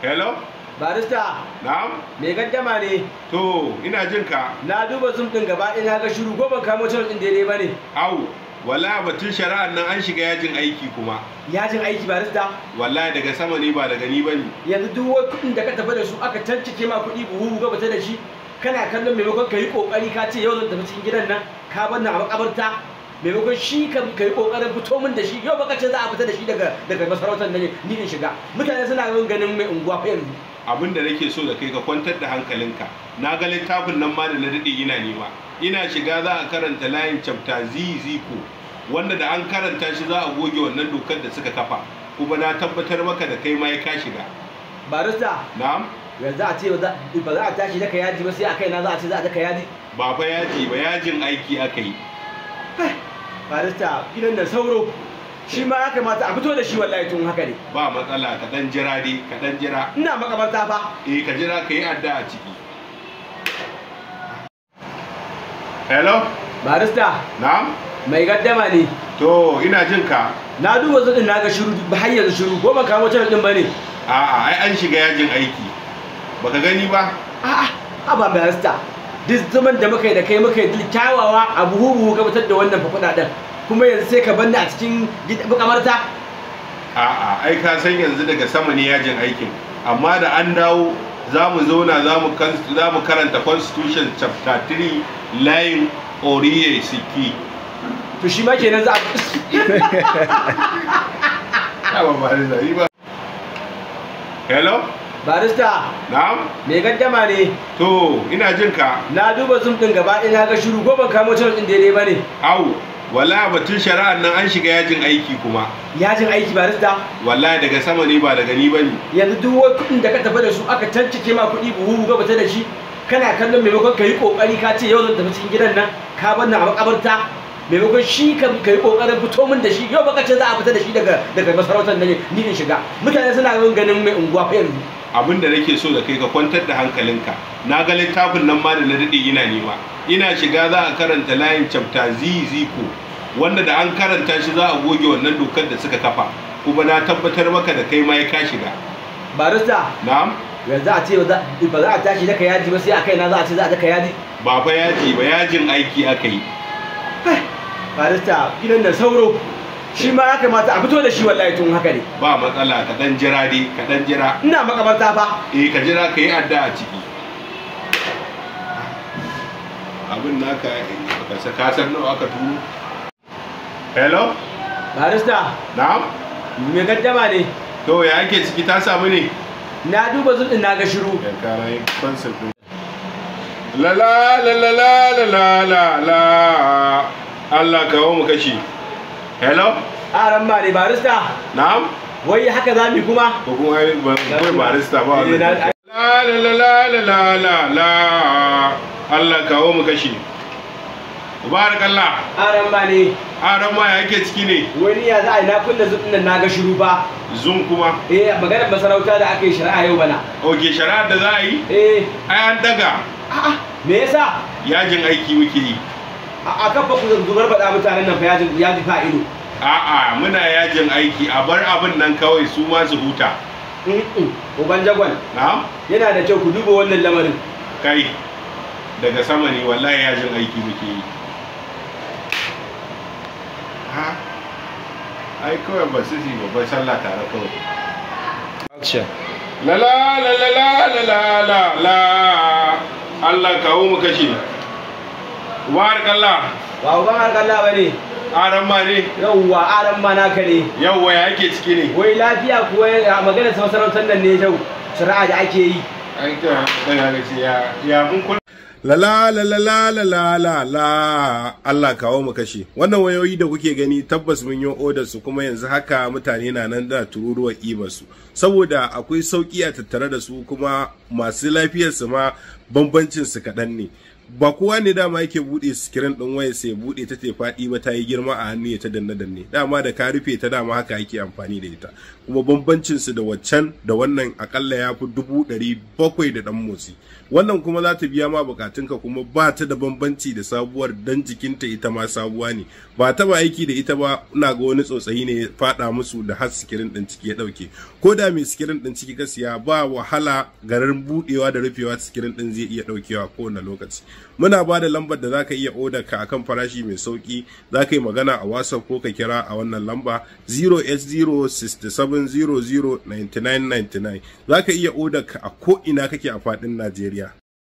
hello barista na'am me gaddama ne to ina jin ka na duba zum din gaba ina ga shiru ko ban kamo channel din daidai bane au wala batun shari'ar nan an shiga yajin aiki kuma yajin aiki barista wallahi daga sama ne ba daga ni bane yanzu duk wai kudin da ka tafi da su aka tantance ma kudi buhu ga bata da shi kana kallon maimakon ka yi kokari ka ce yau zan tafi cikin gidan nan ka bar nan a makabarta maimakon shi ka yi kokarin fito min da shi yau baka ce za a fita da shi daga daga masarautar na ni in shiga mutane suna yin ganin mai unguwa fa yanzu abin da nake so da kai ka kwantar da hankalinka na ga littafin nan ma da na daɗe ina nema ina shiga za a karanta layin chapter ziziko wanda da an karanta shi za a goge wannan dokar da suka kafa kuma na tabbatar maka da kai ma ya ka shiga barista na'am yanzu a ce ba za a tashi daga yaji ba sai a kai na za a ce za a daga yaji ba fa yaji ba yajin aiki aka yi barista gidan da sauro shi ma ya kamata a fito da shi wallahi tun haka ne ba matsala ka dan jira dai ka dan jira ina makabarta fa eh ka jira ka yi adda a ciki hello barista na'am mai gaddama ne to ina jin ka na duba zuɗin na ga shiru har yanzu shiru ko ba kawo can din bane a'a ai an shiga yajin aiki baka gani ba a'a ba barista duk zaman da muka yi da kai muka yi duk kyawawa a buhu buhu gabatar da wannan fa kuɗaɗen kuma yanzu sai ka banda a cikin bukamarta a'a ai ka san yanzu daga sama ne yajin aikin amma da an dawo za mu zauna za mu karanta constitution chapter 3 layin oriye siki to shi ma kenan za a hello barista na'am me gaddama ne to ina jin ka na duba zum din gaba ɗaya na ga shiru ko ban kamo channel din daidai bane au wala batun shari'ar nan an shiga yajin aiki kuma yajin aiki barista? wallahi daga sama ne ba daga ni bane yanzu duk wani kuɗin da ka tafi da su aka tantake ma kudi buhu ga bata da shi kana kallon maimakon ka yi kokari ka ce yau zan tafi cikin gidan nan ka bar nan a makabarta maimakon shi ka yi kokarin fito min da shi yau baka ce za a fita da shi daga daga masarautar nan ni in shiga mutane suna ganin mai unguwa fa yanzu abin da nake so da kai ka kwantar da hankalinka na ga littafin nan ma da na daɗe ina nema ina shiga za a karanta layin chapter ziziko wanda da an karanta shi za a goge wannan dokar da suka kafa kuma na tabbatar maka da kai ma ya ka shiga barista na'am yanzu a ce ba za a tashi daga yaji ba sai a kai na za a ce za a daga yaji ba fa yaji ba yajin aiki aka yi barista gidan da sauro shi ma ya kamata a fito da shi wallahi tun haka ne ba matsala ka dan jira dai ka dan jira ina makabarta fa eh ka jira ka yi adda a ciki abin naka ka saka san nawa aka tuno hello barista na'am me gaddama ne to ya ake ciki ta samu ne na duba zuɗin na ga shiru ya kara yin konsert la la la la la la la Allah kawo mu kashi hello aran ran ne barista na'am wai haka za mu kuma ko kuma ai ba barista ba eh, la la la la la la Allah kawo mu kashi Allah. Aran ran ne. Aran ran ya ke ciki ne. Wani ya za a na kunna zum din na ga shiru ba. Zum kuma. Eh maganar masarauta da aka yi shari'a yau bana. Oke shari'a da za a yi? Eh. Ai an daga. A'a. Me yasa? Yajin aiki muke yi. a kan ba ku zubar bada mutanen nan fa yajin yajin fa'ido ido a'a muna yajin aiki a bar abin nan kawai su ma su huta uban jagwal na'am yana da kyau ku duba wannan lamarin kai daga sama ne wallahi yajin aiki muke yi ha ai kawai ba su ji babban sallah tare kawai action la la la la la la la Allah kawo mu kashe Barakallah. wa barakallah bane. aran ma ne yauwa aran ma naka ne yauwa ya ake ciki ne wai lafiya kuwa magana ta masarautar nan ne yau shari'a da ake yi an ya ya mun kula la la la la la la la la Allah kawo mu kashi wannan wayoyi da kuke gani tabbas mun yi odar su kuma yanzu haka mutane na nan da tururuwar ibar su saboda akwai sauki a tattare da su kuma masu lafiyar su ma bambancin su kadan ne ba kowa ne dama yake buɗe sikirin ɗin waya sai buɗe ta te faɗi ba ta yi girma a hannu ya ta danne danne dama da ka rufe ta dama haka yake amfani da ita kuma bambancin su da waccan da wannan akalla ya fi dubu ɗari bakwai da ɗan motsi wannan kuma za ta biya ma bukatunka kuma ba ta da bambanci da sabuwar dan jikinta ita ma sabuwa ne ba ta ba aiki da ita ba ina ga wani tsotsayi ne faɗa musu da har sikirin din ciki ya dauke ko da mai sikirin ɗin ciki gaskiya ba wahala garin buɗewa da rufewa sikirin din zai iya daukewa kowane lokaci muna ba da lambar da zaka iya odar ka akan farashi mai sauki zaka yi magana a whatsapp ko ka kira a wannan lamba 08067009999 zaka iya odar ka a ko ina kake a faɗin Najeriya